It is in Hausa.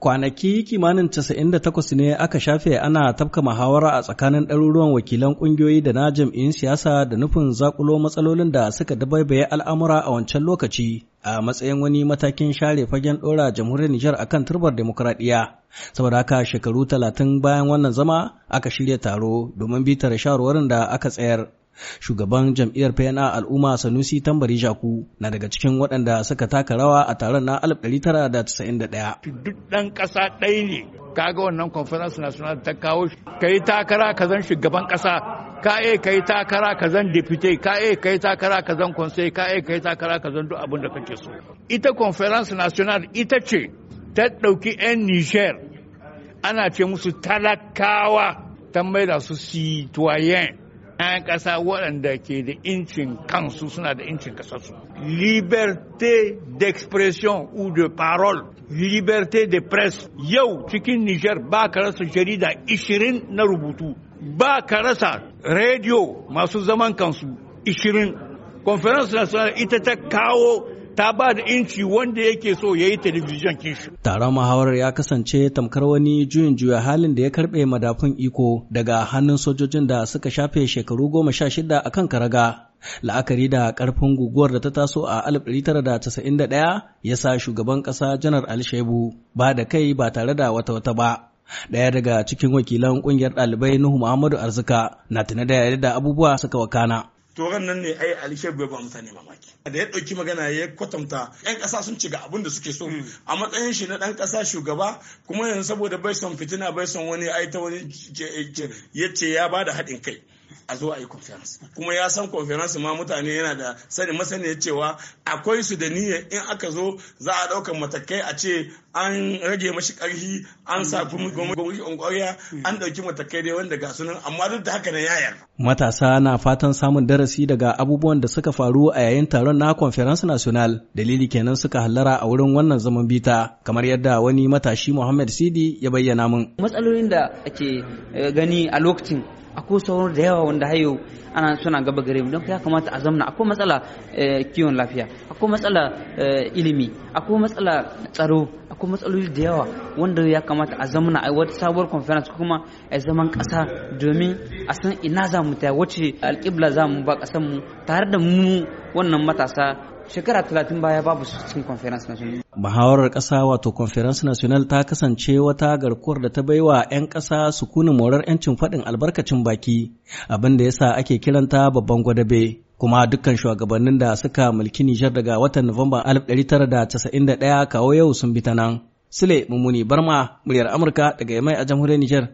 Kwanaki kimanin 98 ne aka shafe ana tafka muhawara a tsakanin ɗaruruwan wakilan ƙungiyoyi da na jam'iyyun siyasa da nufin zakulo matsalolin da suka dabaibaye al'amura a wancan lokaci a matsayin wani matakin share fagen ɗora jamhuriyar Nijar a kan turbar demokuraɗiyya. Saboda haka shekaru talatin bayan wannan zama aka shirya taro domin bitar shawarwarin da aka tsayar. Shugaban jam'iyyar PNA al'umma Sanusi Tambari Jaku na daga cikin waɗanda suka taka rawa a taron na 1991. Duk ɗan ƙasa ɗaya ne, kaga wannan Conference National ta kawo ka takara ka zan shugaban ƙasa, ka e kai takara ka zan deputy, ka e kai takara ka zan conseil, ka e kai takara ka zan duk abin da kake so. Ita Conference National ita ce ta ɗauki 'yan Niger ana ce musu talakawa ta maida su citoyen 'yan ƙasa waɗanda ke da incin kansu suna da incin kasarsu. Liberté d'expression ou de parole, liberté de presse. Yau cikin niger ba ka rasa jarida 20 na rubutu, ba ka rasa rediyo masu zaman kansu 20. Conference National ita ta kawo ta ba da inci wanda yake so ya yi talabijin kinshi. Taron muhawarar ya kasance tamkar wani juyin juya halin da ya karɓe madafun iko daga hannun sojojin da suka shafe shekaru goma sha shida a kan karaga. La'akari da ƙarfin guguwar da ta taso a 1991 ya sa shugaban ƙasa Janar Ali Shebu ba da kai ba tare da wata wata ba. Ɗaya daga cikin wakilan ƙungiyar ɗalibai Nuhu Muhammadu Arzika na tunada da abubuwa suka wakana. to nan ne ai alishar bai ba mutane mamaki da ya ɗauki magana ya kwatanta yan ƙasa sun ci ga abin da suke so hmm. a matsayin shi na ɗan kasa shugaba kuma yanzu saboda bai son fitina bai son wani ai ta wani yace ya bada da haɗin kai a zo a yi conference kuma ya san conference ma mutane yana da sani masani cewa akwai su da niyya in aka zo za a ɗaukar matakai a ce an rage mashi ƙarfi an sa kuma gwamnati ƙwarya an ɗauki matakai da wanda ga sunan amma duk da haka na yaya. matasa na fatan samun darasi daga abubuwan da suka faru a yayin taron na conference national dalili kenan suka hallara a wurin wannan zaman bita kamar yadda wani matashi muhammad sidi ya bayyana min matsalolin da ake eh, gani a lokacin akwai sauran da yawa wanda hayo ana suna gaba gare mu don ya kamata a zamna akwai matsala eh, kiwon lafiya akwai matsala eh, ilimi akwai matsala tsaro akwai matsaloli da yawa wanda ya kamata a zamna a wata sabuwar conference kuma a zaman kasa domin a san ina za mu ta wace alƙibla za mu ba ƙasar mu tare da mu wannan matasa shekara talatin baya babu su cikin conference national. Muhawarar ƙasa wato conference national ta kasance wata garkuwar da ta baiwa 'yan ƙasa sukunin morar 'yancin faɗin albarkacin baki abin da yasa ake kiranta babban gwadabe. kuma dukkan shugabannin da suka mulki Nijar daga watan Nuwamba 1991 kawo yau sun bi ta nan. Sule mumuni Barma, muryar Amurka daga Yamai a jamhuriyar Nijar.